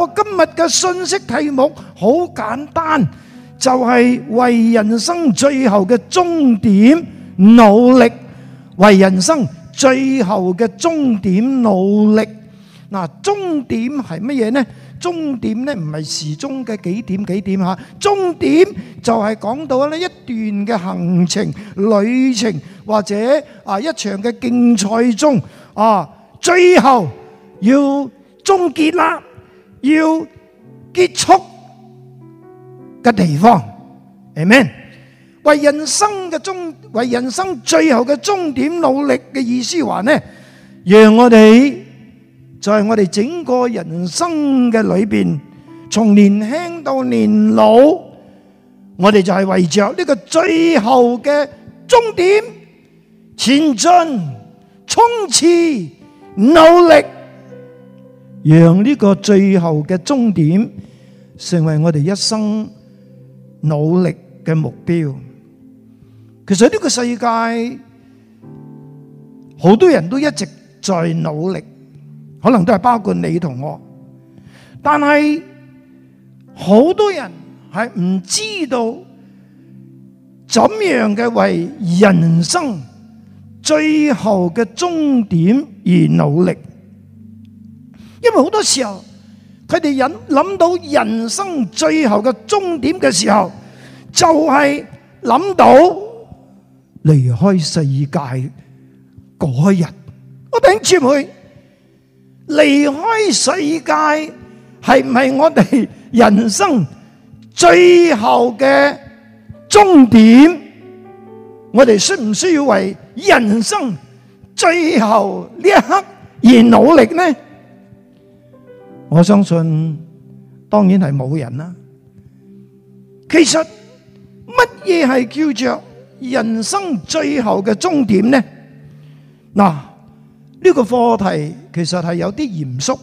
我今日嘅信息題目好簡單，就係為人生最後嘅終點努力。為人生最後嘅終點努力。嗱，終點係乜嘢呢？終點呢唔係時鐘嘅幾點幾點吓，終點就係講到呢一段嘅行程，旅程或者啊一場嘅競賽中啊，最後要終結啦。要結束嘅地方，係咩？為人生嘅終，為人生最後嘅終點努力嘅意思話呢，讓我哋在我哋整個人生嘅裏邊，從年輕到年老，我哋就係為着呢個最後嘅終點，前進、衝刺、努力。讓呢個最後嘅終點成為我哋一生努力嘅目標。其實，呢個世界好多人都一直在努力，可能都係包括你同我。但係好多人係唔知道怎樣嘅為人生最後嘅終點而努力。因為好多時候，佢哋諗諗到人生最後嘅終點嘅時候，就係諗到離開世界嗰日。我頂住佢離開世界係唔係我哋人生最後嘅終點？我哋需唔需要為人生最後呢一刻而努力呢？我相信當然係冇人啦。其實乜嘢係叫做人生最後嘅終點呢？嗱，呢個課題其實係有啲嚴肅，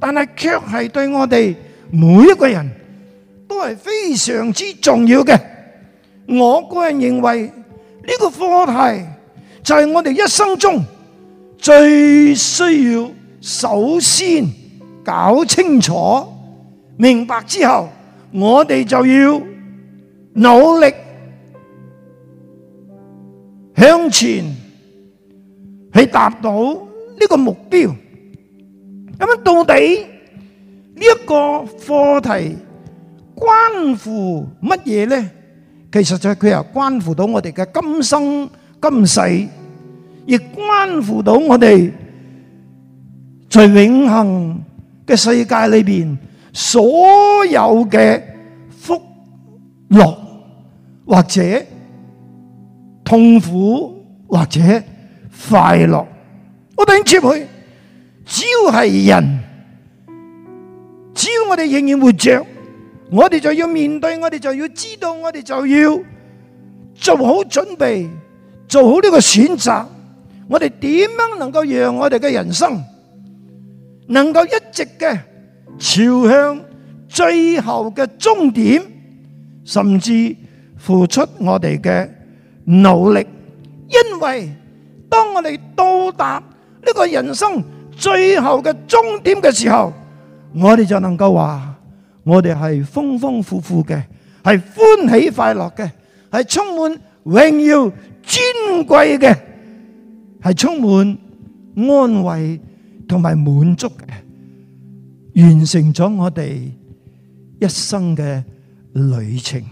但係卻係對我哋每一個人都係非常之重要嘅。我個人認為，呢個課題就係我哋一生中最需要首先。搞清楚、明白之後，我哋就要努力向前去達到呢個目標。咁啊，到底呢一個課題關乎乜嘢咧？其實就係佢又關乎到我哋嘅今生今世，亦關乎到我哋在永恆。世界裏面所有嘅福樂，或者痛苦，或者快樂，我頂住佢。只要係人，只要我哋仍然活着，我哋就要面對，我哋就要知道，我哋就要做好準備，做好呢個選擇。我哋點樣能夠讓我哋嘅人生？能夠一直嘅朝向最後嘅終點，甚至付出我哋嘅努力，因為當我哋到達呢個人生最後嘅終點嘅時候，我哋就能夠話我哋係豐豐富富嘅，係歡喜快樂嘅，係充滿榮耀尊貴嘅，係充滿安慰，同埋滿足嘅，完成咗我哋一生嘅旅程。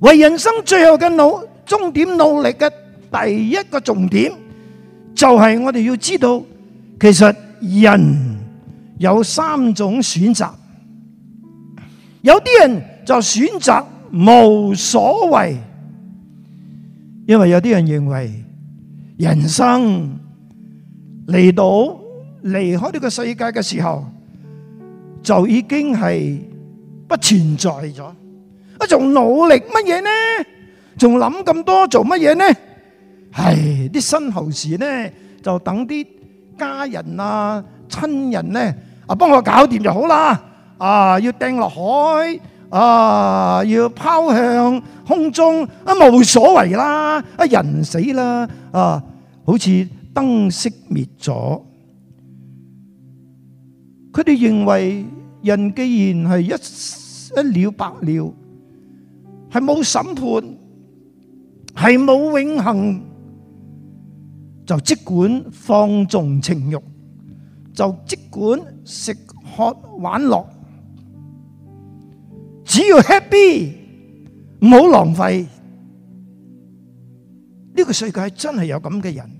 為人生最後嘅努終點努力嘅第一個重點，就係我哋要知道，其實人有三種選擇。有啲人就選擇無所謂，因為有啲人認為人生。嚟到離開呢個世界嘅時候，就已經係不存在咗。啊仲努力乜嘢呢？仲諗咁多做乜嘢呢？唉，啲身後事呢就等啲家人啊親人呢啊幫我搞掂就好啦。啊，要掟落海啊，要拋向空中啊，無所謂啦。啊，人死啦啊，好似。燈熄滅咗，佢哋認為人既然係一一了百了，係冇審判，係冇永恒，就即管放縱情欲，就即管食喝玩樂，只要 happy，唔好浪費，呢個世界真係有咁嘅人。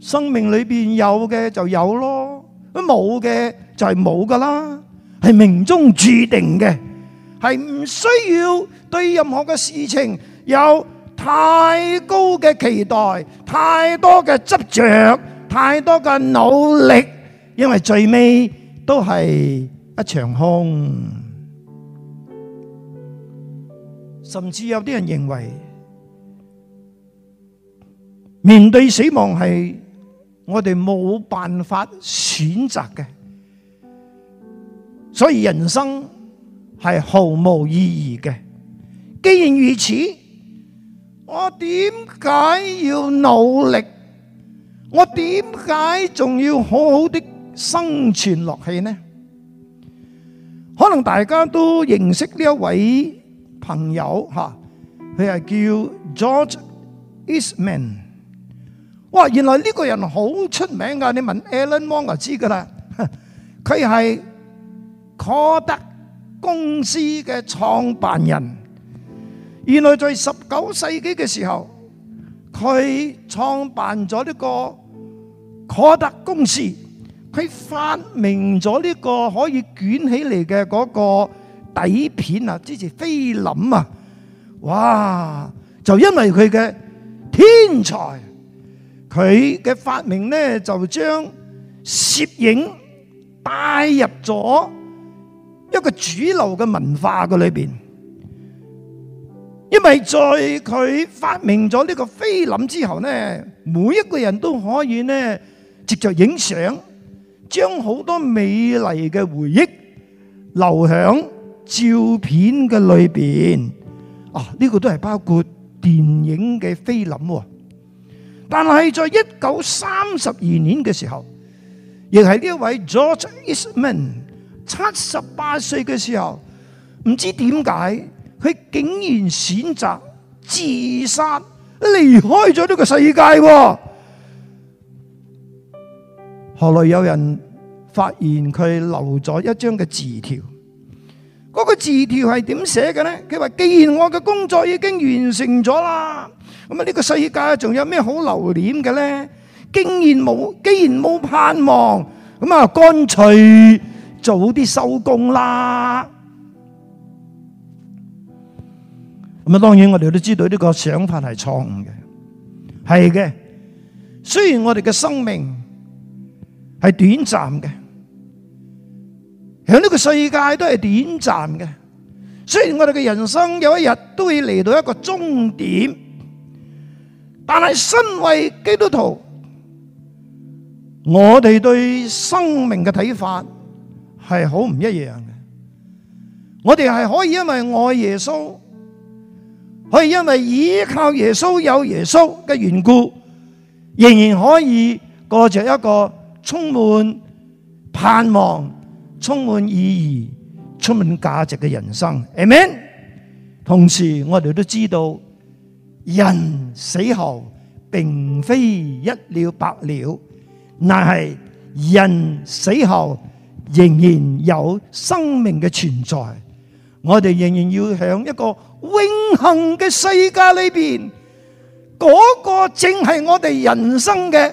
生命裏邊有嘅就有咯，都冇嘅就係冇噶啦，係命中注定嘅，係唔需要對任何嘅事情有太高嘅期待，太多嘅執着，太多嘅努力，因為最尾都係一場空。甚至有啲人認為面對死亡係。我哋冇辦法選擇嘅，所以人生係毫無意義嘅。既然如此，我點解要努力？我點解仲要好好的生存落去呢？可能大家都認識呢一位朋友吓，佢係叫 George Eastman。哇！原來呢個人好出名㗎。你問 Alan Wong 就知㗎啦，佢係柯德公司嘅創辦人。原來在十九世紀嘅時候，佢創辦咗呢個柯德公司，佢發明咗呢個可以捲起嚟嘅嗰個底片啊。支持菲林啊，哇！就因為佢嘅天才。佢嘅發明呢，就將攝影帶入咗一個主流嘅文化嘅裏邊。因為在佢發明咗呢個菲林之後呢，每一個人都可以呢，接著影相，將好多美麗嘅回憶留喺照片嘅裏邊。啊，呢個都係包括電影嘅菲林喎。但係在一九三十二年嘅時候，亦係呢一位 George Eastman 七十八歲嘅時候，唔知點解佢竟然選擇自殺，離開咗呢個世界。後來有人發現佢留咗一張嘅字條，嗰個字條係點寫嘅呢？佢話：既然我嘅工作已經完成咗啦。咁啊！呢個世界仲有咩好留念嘅咧？竟然冇，竟然冇盼望，咁啊，乾脆早啲收工啦。咁啊，當然我哋都知道呢個想法係錯誤嘅，係嘅。雖然我哋嘅生命係短暫嘅，喺呢個世界都係短暫嘅。雖然我哋嘅人生有一日都會嚟到一個終點。但係身為基督徒，我哋對生命嘅睇法係好唔一樣嘅。我哋係可以因為愛耶穌，可以因為依靠耶穌，有耶穌嘅緣故，仍然可以過着一個充滿盼望、充滿意義、充滿價值嘅人生。Amen。同時，我哋都知道。人死後並非一了百了，但係人死後仍然有生命嘅存在。我哋仍然要響一個永恆嘅世界裏邊嗰個，正係我哋人生嘅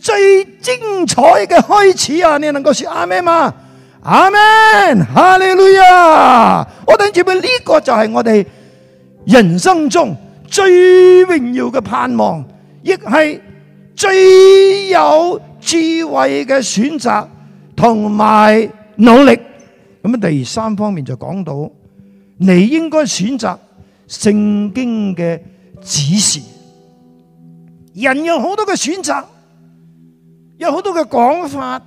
最精彩嘅開始啊！你能夠說阿們嘛？阿們？哈利路亞！我哋住面呢個就係我哋人生中。最榮耀嘅盼望，亦係最有智慧嘅選擇同埋努力。咁第三方面就講到，你應該選擇聖經嘅指示。人有好多嘅選擇，有好多嘅講法，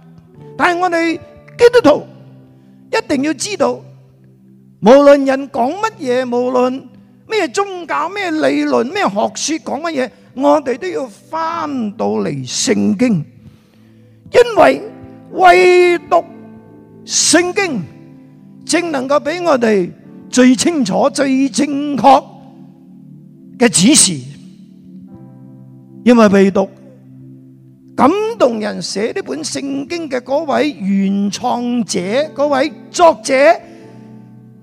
但係我哋基督徒一定要知道，無論人講乜嘢，無論。咩宗教、咩理論、咩學說講乜嘢，我哋都要返到嚟聖經，因為唯獨聖經正能夠俾我哋最清楚、最正確嘅指示，因為唯獨感動人寫呢本聖經嘅嗰位原創者、嗰位作者。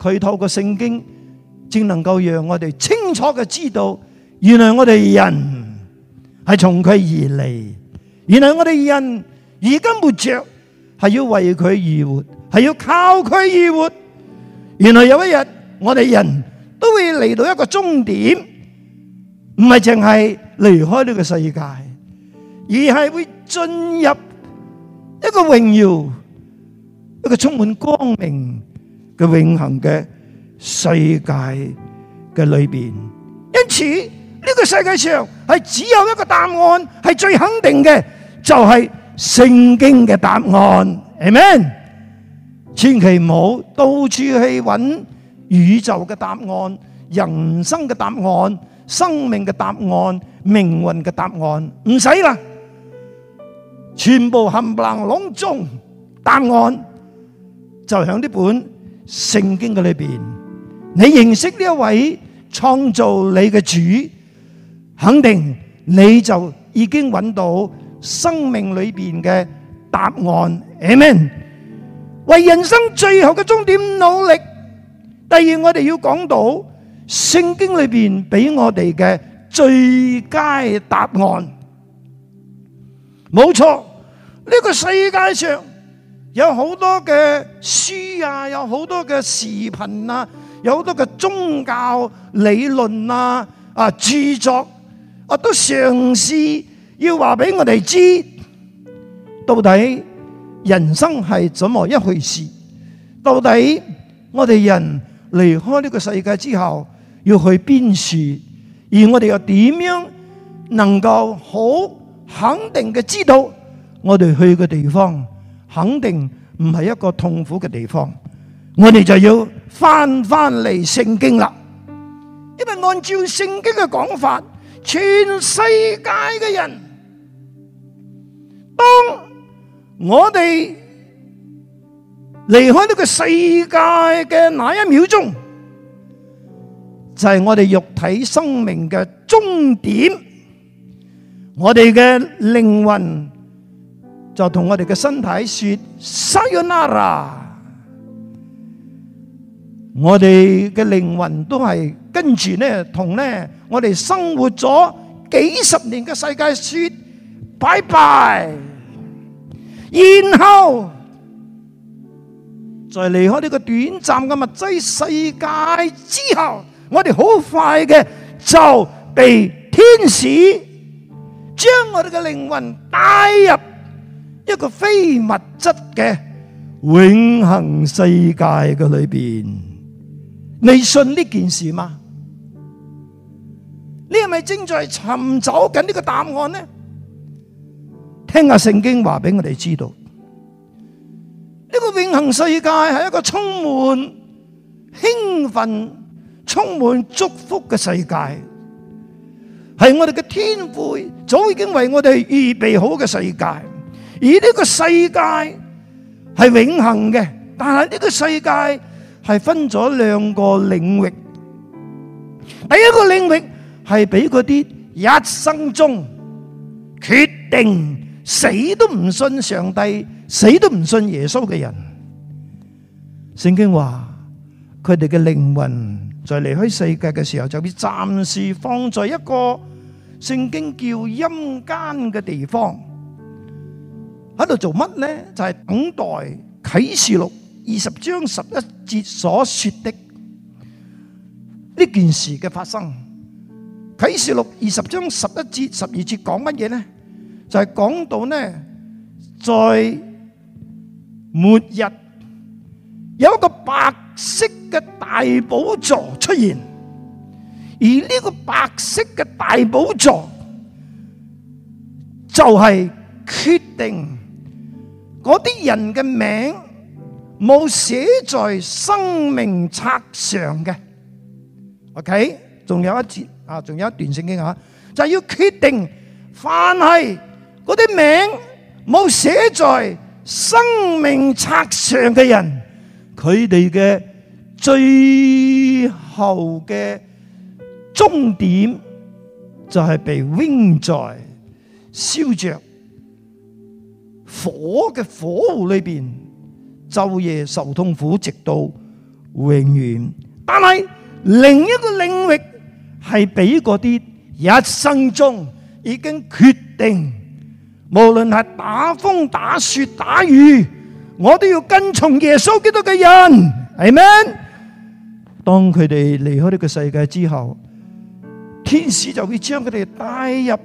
佢透過聖經，正能夠讓我哋清楚嘅知道，原來我哋人係從佢而嚟，原來我哋人而家活着，係要為佢而活，係要靠佢而活。原來有一日，我哋人都會嚟到一個終點，唔係淨係離開呢個世界，而係會進入一個榮耀，一個充滿光明，嘅永恆嘅世界嘅裏邊，因此呢個世界上係只有一個答案，係最肯定嘅，就係聖經嘅答案。阿們，千祈唔好到處去揾宇宙嘅答案、人生嘅答案、生命嘅答案、命運嘅答案，唔使啦，全部冚唪唥籠中答案就響呢本。聖經嘅裏邊，你認識呢一位創造你嘅主，肯定你就已經揾到生命裏邊嘅答案。阿門。為人生最後嘅終點努力。第二，我哋要講到聖經裏邊俾我哋嘅最佳答案。冇錯，呢個世界上。有好多嘅書啊，有好多嘅視頻啊，有好多嘅宗教理論啊，啊著作啊都嘗試我都嘗試，要話俾我哋知，到底人生係怎麼一回事？到底我哋人離開呢個世界之後要去邊處？而我哋又點樣能夠好肯定嘅知道我哋去嘅地方？肯定唔係一個痛苦嘅地方，我哋就要翻翻嚟聖經啦。因為按照聖經嘅講法，全世界嘅人，當我哋離開呢個世界嘅那一秒鐘，就係我哋肉體生命嘅終點，我哋嘅靈魂。就同我哋嘅身體說，sayonara，我哋嘅靈魂都係跟住咧，同咧我哋生活咗幾十年嘅世界說拜拜，然後在離開呢個短暫嘅物質世界之後，我哋好快嘅就被天使將我哋嘅靈魂帶入，一個非物質嘅永恆世界嘅裏邊，你信呢件事嗎？你係咪正在尋找緊呢個答案呢？聽下聖經話俾我哋知道，呢個永恆世界係一個充滿興奮、充滿祝福嘅世界，係我哋嘅天父早已經為我哋預備好嘅世界。而呢個世界係永恒嘅，但係呢個世界係分咗兩個領域。第一個領域係俾嗰啲一生中決定死都唔信上帝、死都唔信耶穌嘅人。聖經話佢哋嘅靈魂在離開世界嘅時候，就會暫時放在一個聖經叫陰間嘅地方。喺度做乜呢？就係等待啟示錄二十章十一節所說的呢件事嘅發生。啟示錄二十章十一節、十二節講乜嘢呢？就係講到呢，在末日有一個白色嘅大寶座出現，而呢個白色嘅大寶座就係決定。嗰啲人嘅名冇寫在生命冊上嘅，OK？仲有一節啊，仲有一段聖經吓，就係要決定，凡係嗰啲名冇寫在生命冊上嘅人，佢哋嘅最後嘅終點就係被扔在燒着。火嘅火湖裏邊，晝夜受痛苦，直到永遠。但係另一個領域係俾嗰啲一生中已經決定，無論係打風打雪打雨，我都要跟從耶穌基督嘅人，係咩？當佢哋離開呢個世界之後，天使就會將佢哋帶入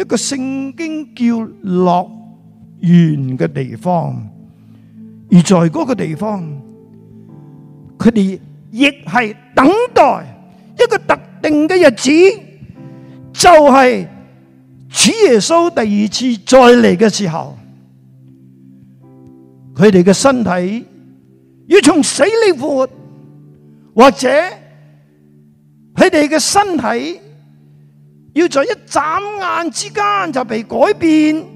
一個聖經叫落。遠嘅地方，而在嗰個地方，佢哋亦係等待一個特定嘅日子，就係、是、主耶穌第二次再嚟嘅時候，佢哋嘅身體要從死裏復活，或者佢哋嘅身體要在一眨眼之間就被改變。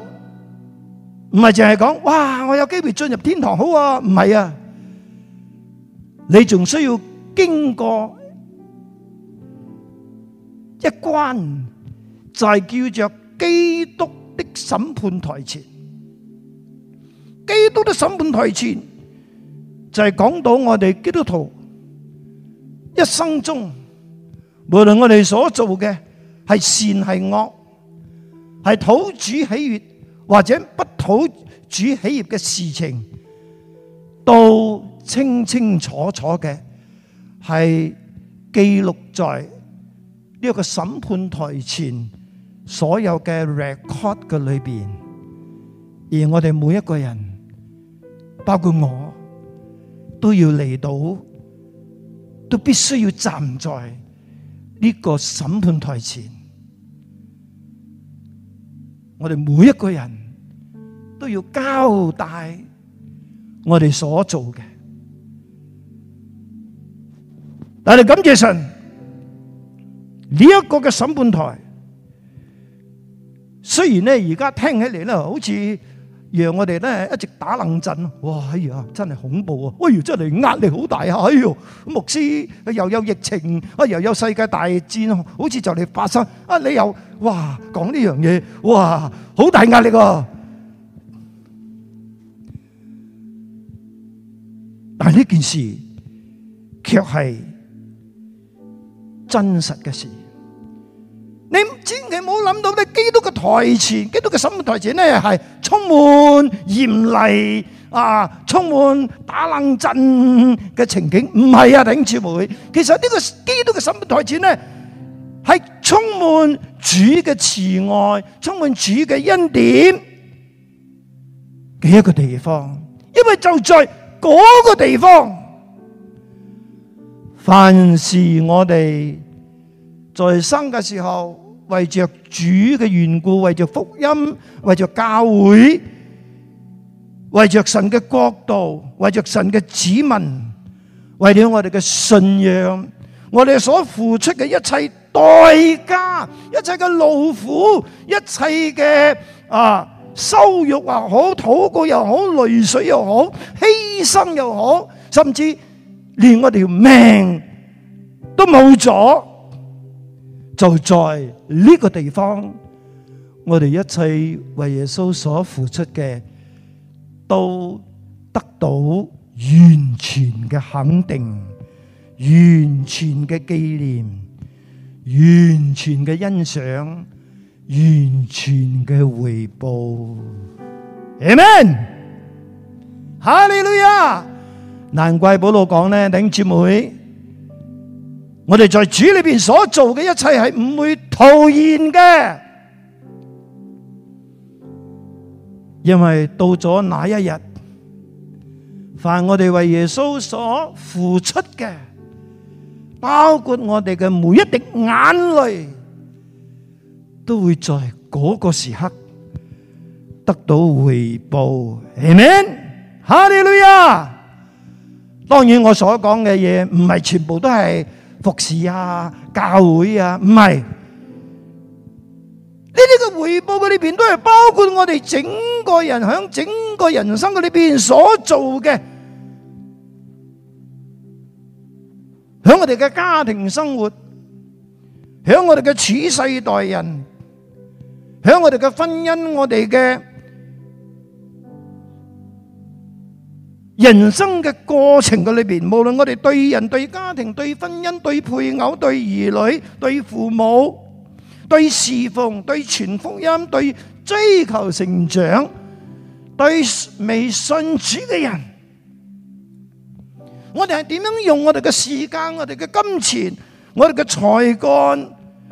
唔係淨係講，哇！我有機會進入天堂，好啊，唔係啊，你仲需要經過一關，就係叫做基督的審判台前，基督的審判台前，就係講到我哋基督徒一生中，無論我哋所做嘅係善係惡，係討主喜悅。或者不討主喜悦嘅事情，都清清楚楚嘅，係記錄在呢個審判台前所有嘅 record 嘅裏邊。而我哋每一個人，包括我，都要嚟到，都必須要站在呢個審判台前。我哋每一個人。都要交代我哋所做嘅，但係感謝神呢一、這個嘅審判台，雖然咧而家聽起嚟咧，好似讓我哋咧一直打冷震。哇、哎、呀，真係恐怖啊！哇，真係壓力好大啊！哎喲、哎，牧師又有疫情啊，又有世界大戰，好似就嚟發生啊。你又哇講呢樣嘢，哇好大壓力啊！但呢件事卻係真實嘅事。你唔知，你冇諗到，咧基督嘅台前，基督嘅審判台前呢係充滿嚴厲啊，充滿打冷震嘅情景。唔係啊，頂住會。其實呢個基督嘅審判台前呢係充滿主嘅慈愛，充滿主嘅恩典嘅一個地方，因為就在。嗰個地方，凡是我哋在生嘅時候，為着主嘅緣故，為着福音，為着教會，為着神嘅國度，為着神嘅子民，為了我哋嘅信仰，我哋所付出嘅一切代價，一切嘅勞苦，一切嘅啊～羞辱又好，禱告又好，淚水又好，犧牲又好，甚至連我條命都冇咗，就在呢個地方，我哋一切為耶穌所付出嘅，都得到完全嘅肯定、完全嘅紀念、完全嘅欣賞。完全嘅回報，阿門！哈利路亞！難怪保羅講咧，弟兄姊妹，我哋在主裏面所做嘅一切係唔會徒然嘅，因為到咗那一日，凡我哋為耶穌所付出嘅，包括我哋嘅每一滴眼淚。都會在嗰個時刻得到回報，係咪？哈利路亞！當然，我所講嘅嘢唔係全部都係服侍啊、教會啊，唔係呢啲嘅回報嘅裏邊都係包括我哋整個人響整個人生嘅裏邊所做嘅，響我哋嘅家庭生活，響我哋嘅處世待人。喺我哋嘅婚姻、我哋嘅人生嘅過程嘅裏邊，無論我哋對人、對家庭、對婚姻、對配偶、對兒女、對父母、對侍奉、對傳福音、對追求成長、對未信主嘅人，我哋係點樣用我哋嘅時間、我哋嘅金錢、我哋嘅才幹？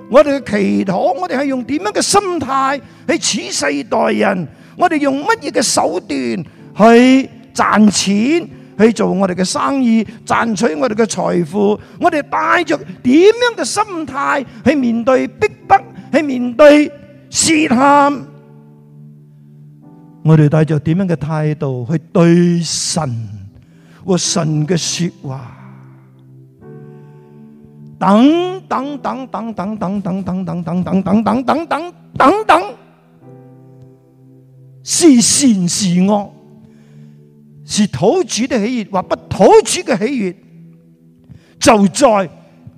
我哋嘅祈禱，我哋係用點樣嘅心態去處世待人？我哋用乜嘢嘅手段去賺錢，去做我哋嘅生意，賺取我哋嘅財富？我哋帶着點樣嘅心態去面對逼迫，去面對試探？我哋帶着點樣嘅態度去對神和神嘅説話？等等等等等等等等等等等等等等，等等，是善是惡，是土主的喜悅或不土主嘅喜悅，就在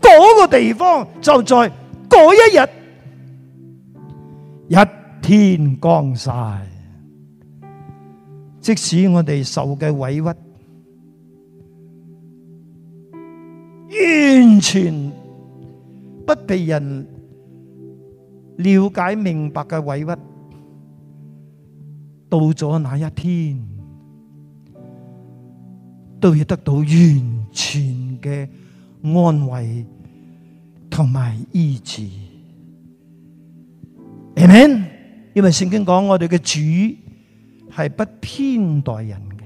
嗰個地方，就在嗰一日，一天光晒，即使我哋受嘅委屈。完全不被人了解明白嘅委屈，到咗那一天都要得到完全嘅安慰同埋醫治。阿門。因為聖經講我哋嘅主係不偏待人嘅。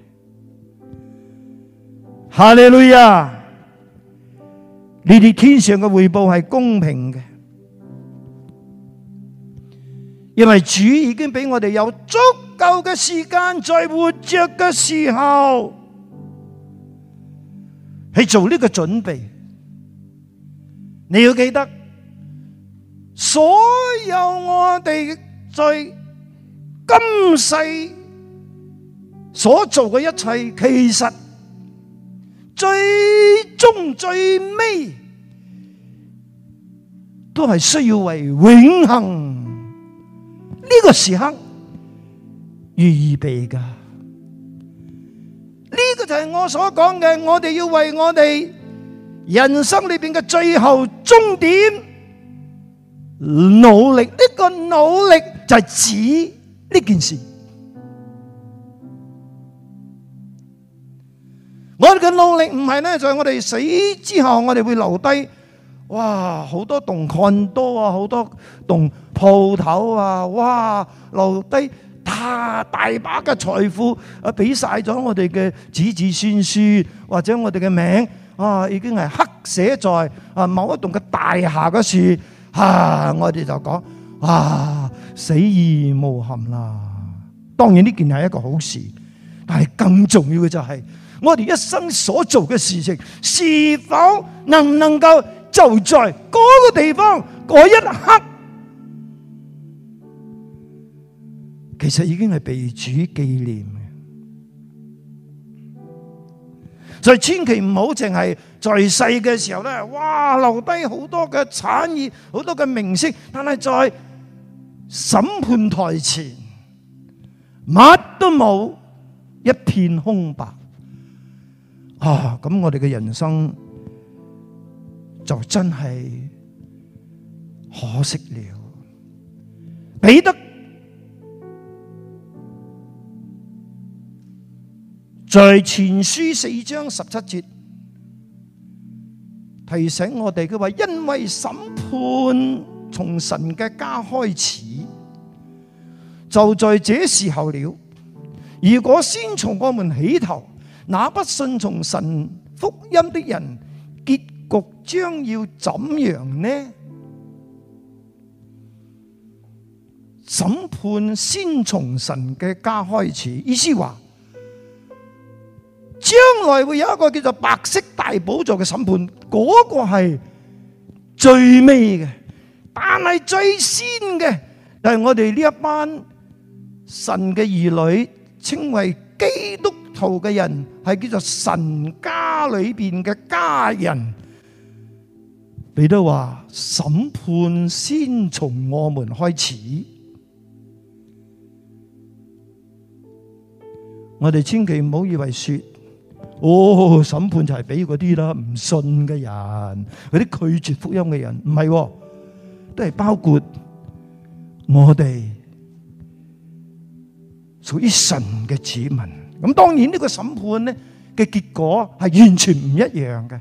哈利路亞。呢啲天上嘅回報係公平嘅，因為主已經俾我哋有足夠嘅時間，在活着嘅時候，去做呢個準備。你要記得，所有我哋在今世所做嘅一切，其實。最終最尾都係需要為永恒呢個時刻預備㗎，呢個就係我所講嘅，我哋要為我哋人生裏面嘅最後終點努力。呢個努力就係指呢件事。我哋嘅努力唔係咧，在、就係、我哋死之後，我哋會留低哇好多棟礦多啊，好多棟鋪頭啊，哇，董董董董哇留低太大，大把嘅財富啊，俾曬咗我哋嘅子子孫孫或者我哋嘅名啊，已經係刻寫在啊某一棟嘅大廈嘅處。我哋就講啊死而無憾啦。當然呢件係一個好事，但係更重要嘅就係、是。我哋一生所做嘅事情是否能唔能夠就在嗰個地方嗰一刻，其實已經係被主紀念嘅。所以千祈唔好淨係在世嘅時候咧，哇留低好多嘅產業，好多嘅名聲，但係在審判台前乜都冇，一片空白。啊！咁我哋嘅人生就真係可惜了。彼得在前書四章十七節提醒我哋，佢話：因為審判從神嘅家開始，就在這時候了。如果先從我們起頭。那不信從神福音的人，結局將要怎樣呢？審判先從神嘅家開始，意思話將來會有一個叫做白色大寶座嘅審判，嗰個係最尾嘅，但係最先嘅，就係我哋呢一班神嘅兒女，稱為基督徒嘅人。係叫做神家裏邊嘅家人說，彼得話，審判先從我們開始。我哋千祈唔好以為說，哦，審判就係俾嗰啲啦唔信嘅人，嗰啲拒絕福音嘅人，唔係，哦，都係包括我哋屬於神嘅子民。咁當然呢個審判咧嘅結果係完全唔一樣嘅，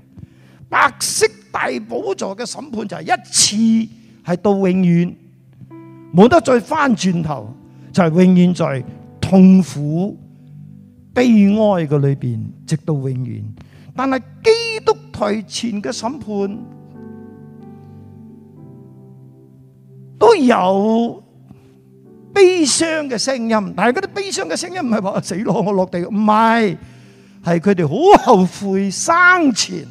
白色大寶座嘅審判就係一次係到永遠，冇得再翻轉頭，就係永遠在痛苦、悲哀嘅裏邊，直到永遠。但係基督台前嘅審判都有。悲傷嘅聲音，但係嗰啲悲傷嘅聲音唔係話死咯我落地，唔係，係佢哋好後悔生前，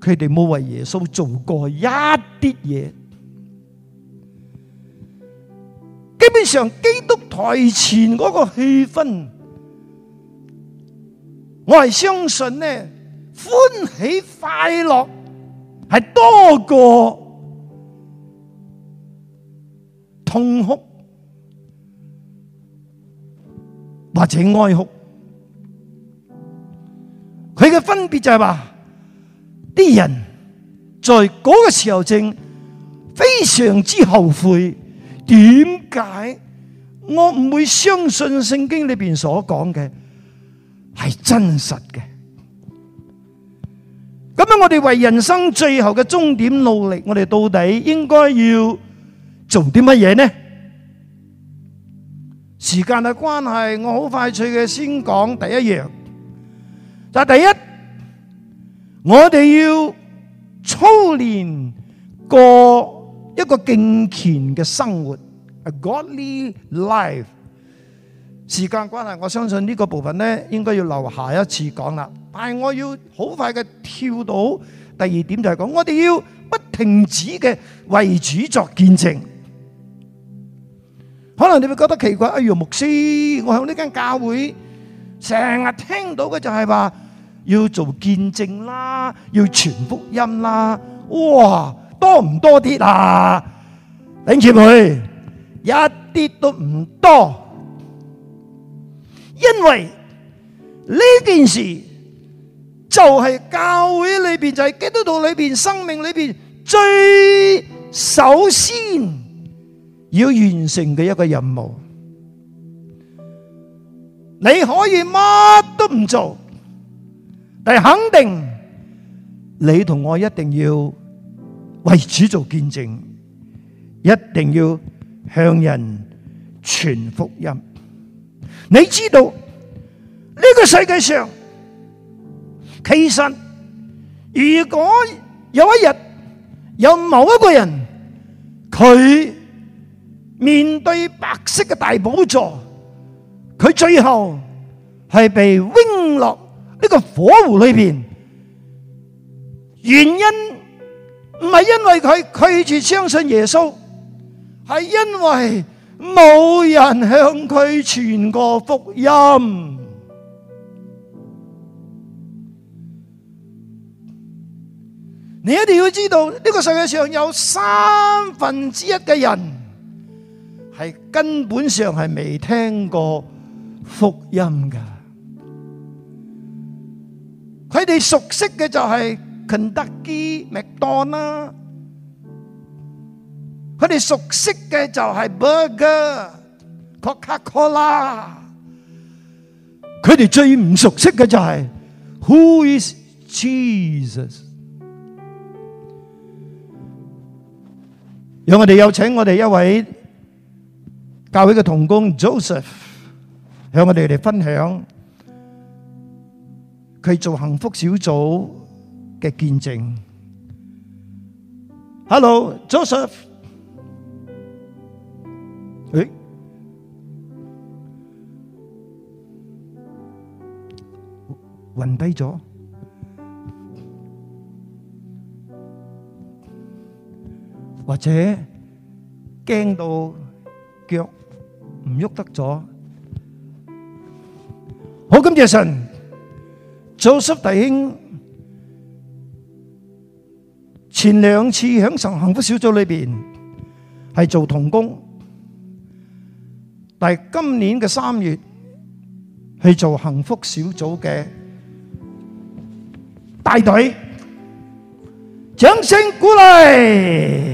佢哋冇為耶穌做過一啲嘢。基本上，基督台前嗰個氣氛，我係相信呢，歡喜快樂係多過。痛哭或者哀哭，佢嘅分別就係話啲人在嗰個時候正非常之後悔，點解我唔會相信聖經裏邊所講嘅係真實嘅？咁樣我哋為人生最後嘅終點努力，我哋到底應該要？做啲乜嘢呢？時間嘅關係，我好快脆嘅先講第一樣。但第一，我哋要操練過一個敬虔嘅生活，a godly life。時間關係，我相信呢個部分呢，應該要留下一次講啦。但係我要好快嘅跳到第二點，就係講我哋要不停止嘅為主作見證。可能你會覺得奇怪，哎呀牧師，我喺呢間教會成日聽到嘅就係話要做見證啦，要傳福音啦，哇多唔多啲啊？頂住佢，一啲都唔多，因為呢件事就係教會裏邊就係基督徒裏邊生命裏邊最首先，要完成嘅一個任務，你可以乜都唔做，但係肯定你同我一定要為此做見證，一定要向人傳福音。你知道，呢個世界上其實，如果有一日有某一個人佢面對白色嘅大寶座，佢最後係被扔落呢個火湖裏邊。原因唔係因為佢拒絕相信耶穌，係因為冇人向佢傳過福音。你一定要知道，呢個世界上有三分之一嘅人。係根本上係未聽過福音噶，佢哋熟悉嘅就係肯德基、麥當勞，佢哋熟悉嘅就係 Burger、Coca Cola，佢哋最唔熟悉嘅就係 Who is Jesus？有我哋有請我哋一位教會嘅同工 Joseph 向我哋嚟分享佢做幸福小組嘅見證。Hello，Joseph，誒，暈低咗，或者驚到腳。唔喐得咗，好，感謝神！Joseph 弟兄前兩次享受幸福小組裏邊係做童工，但係今年嘅三月係做幸福小組嘅大隊掌聲鼓勵。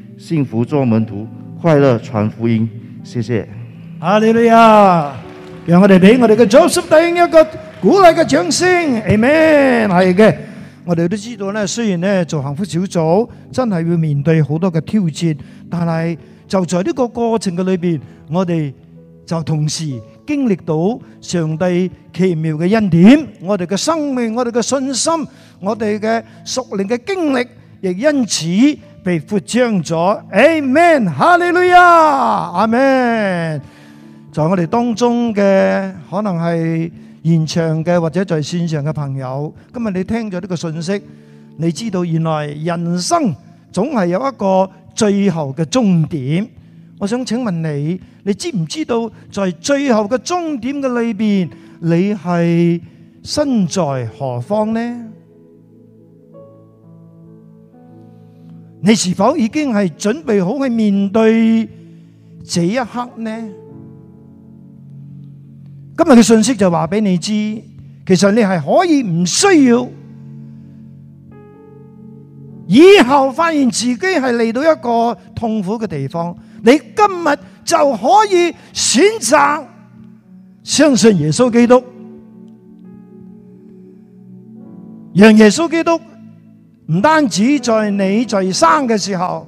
幸福做門徒，快樂傳福音。謝謝。哈利路亞，讓我哋俾我哋嘅 Joseph 頂一個鼓勵嘅掌聲。Amen，係嘅。我哋都知道咧，雖然咧做幸福小組真係要面對好多嘅挑戰，但係就在呢個過程嘅裏邊，我哋就同時經歷到上帝奇妙嘅恩典。我哋嘅生命，我哋嘅信心，我哋嘅屬靈嘅經歷，亦因此。被擴張咗，Amen，哈利路亞，阿門。在我哋當中嘅可能係現場嘅或者在綫上嘅朋友，今日你聽咗呢個信息，你知道原來人生總係有一個最後嘅終點。我想請問你，你知唔知道在最後嘅終點嘅裏邊，你係身在何方呢？你是否已經係準備好去面對這一刻呢？今日嘅信息就話俾你知，其實你係可以唔需要，以後發現自己係嚟到一個痛苦嘅地方，你今日就可以選擇相信耶穌基督，讓耶穌基督。唔單止在你在生嘅時候，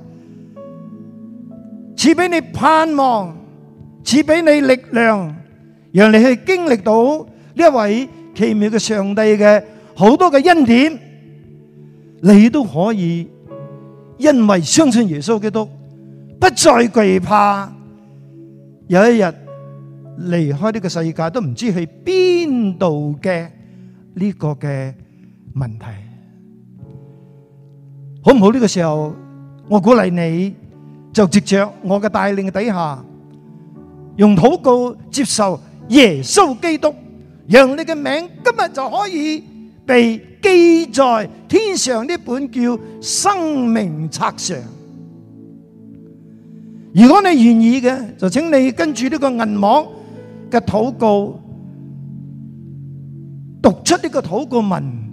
賜俾你盼望，賜俾你力量，讓你去經歷到呢一位奇妙嘅上帝嘅好多嘅恩典，你都可以因為相信耶穌基督，不再懼怕，有一日離開呢個世界都唔知去邊度嘅呢個嘅問題。好唔好呢個時候？我鼓勵你，就藉著我嘅帶領底下，用禱告接受耶穌基督，讓你嘅名今日就可以被記在天上呢本叫生命冊上。如果你願意嘅，就請你跟住呢個銀網嘅禱告，讀出呢個禱告文。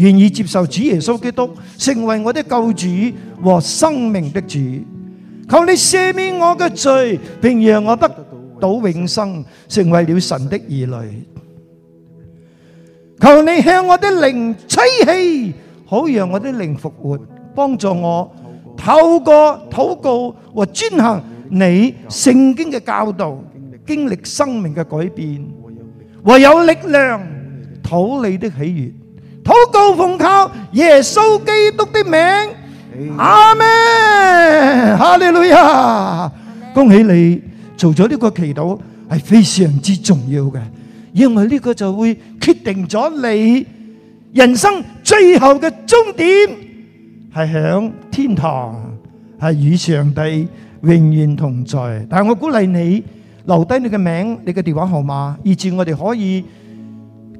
願意接受主耶穌基督成為我的救主和生命的主，求你赦免我嘅罪，並讓我得到永生，成為了神的兒女。求你向我的靈吹氣，好讓我啲靈復活，幫助我透過禱告和遵行你聖經嘅教導，經歷生命嘅改變，和有力量討你的喜悅。好告奉靠耶穌基督的名，阿門！哈利路亞！恭喜你做咗呢個祈禱，係非常之重要嘅，因為呢個就會決定咗你人生最後嘅終點係響天堂，係與上帝永遠同在。但係我鼓勵你留低你嘅名，你嘅電話號碼，以至我哋可以。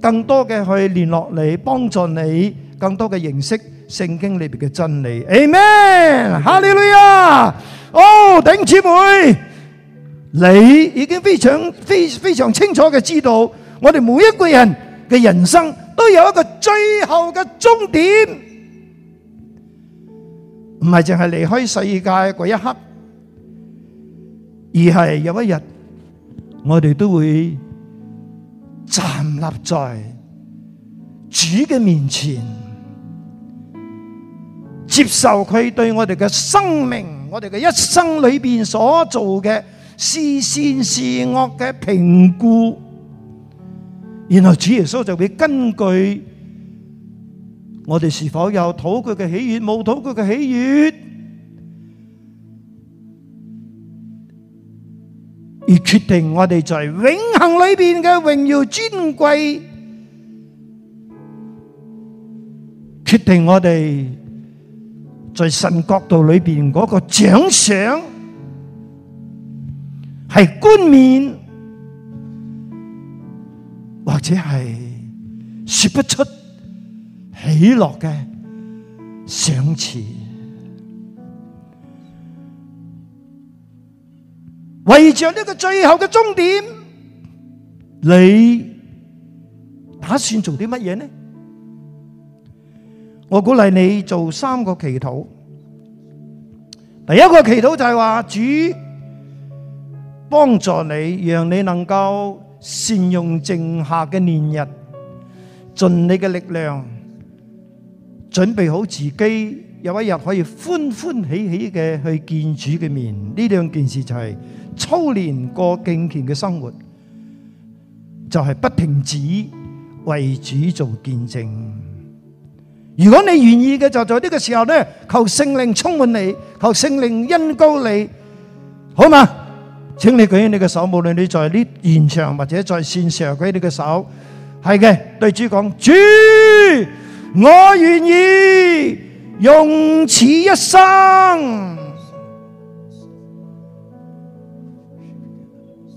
更多嘅去聯絡你，幫助你，更多嘅認識聖經裏邊嘅真理。Amen！哈利路亞！哦，頂姊妹，你已經非常、非非常清楚嘅知道，我哋每一個人嘅人生都有一個最後嘅終點，唔係淨係離開世界嗰一刻，而係有一日我哋都會，站立在主嘅面前，接受佢對我哋嘅生命、我哋嘅一生裏邊所做嘅是善是惡嘅評估，然後主耶穌就會根據我哋是否有討佢嘅喜悅，冇討佢嘅喜悅。而決定我哋在永恒裏邊嘅榮耀尊貴，決定我哋在神國度裏邊嗰個獎賞，係冠冕，或者係說不出喜樂嘅賞賜。為着呢個最後嘅終點，你打算做啲乜嘢呢？我鼓勵你做三個祈禱。第一個祈禱就係話主幫助你，讓你能夠善用剩下嘅年日，盡你嘅力量，準備好自己，有一日可以歡歡喜喜嘅去見主嘅面。呢兩件事就係。操練過敬虔嘅生活，就係不停止為主做見證。如果你願意嘅，就在呢個時候咧，求聖靈充滿你，求聖靈恩膏你，好嘛？請你舉起你嘅手，無論你在呢現場或者在線上，舉起你嘅手。係嘅，對主講，主，我願意用此一生。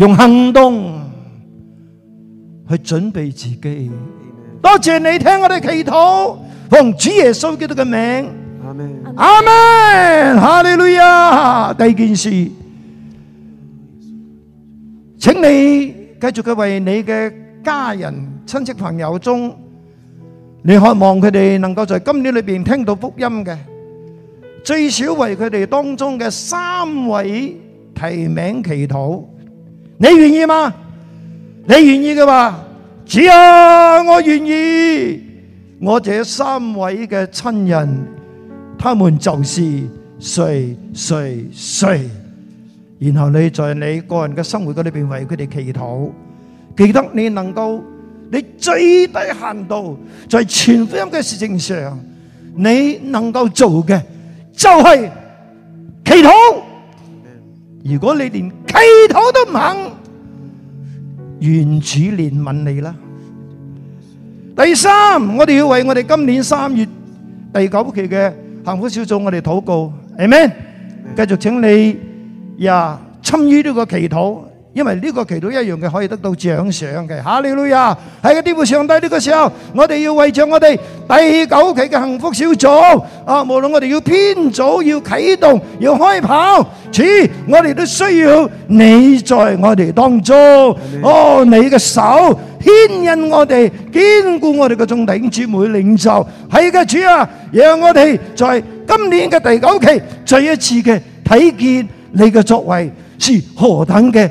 用行動去準備自己。多謝你聽我哋祈禱，奉主耶穌基督嘅名，阿門，阿門，哈利路亞。第二件事，請你繼續去為你嘅家人、親戚、朋友中，你渴望佢哋能夠在今年裏邊聽到福音嘅，最少為佢哋當中嘅三位提名祈禱。你願意嗎？你願意嘅話，主啊，我願意。我這三位嘅親人，他們就是誰誰誰。然後你在你個人嘅生活嗰裏邊為佢哋祈禱，記得你能夠，你最低限度在傳福音嘅事情上，你能夠做嘅就係祈禱。如果你連祈禱都唔肯，願主憐憫你啦。第三，我哋要為我哋今年三月第九期嘅幸福小組，我哋禱告，阿門。繼續請你呀參與呢個祈禱。.因為呢個期都一樣嘅，可以得到獎賞嘅。哈利路亞，喺呢步上帝呢個時候，我哋要為着我哋第九期嘅幸福小組啊，無論我哋要編組要啟動要開跑，主，我哋都需要你在我哋當中。哦，你嘅手牽引我哋，堅固我哋嘅眾弟兄姊妹領袖。係嘅主啊，讓我哋在今年嘅第九期再一次嘅睇見你嘅作為是何等嘅。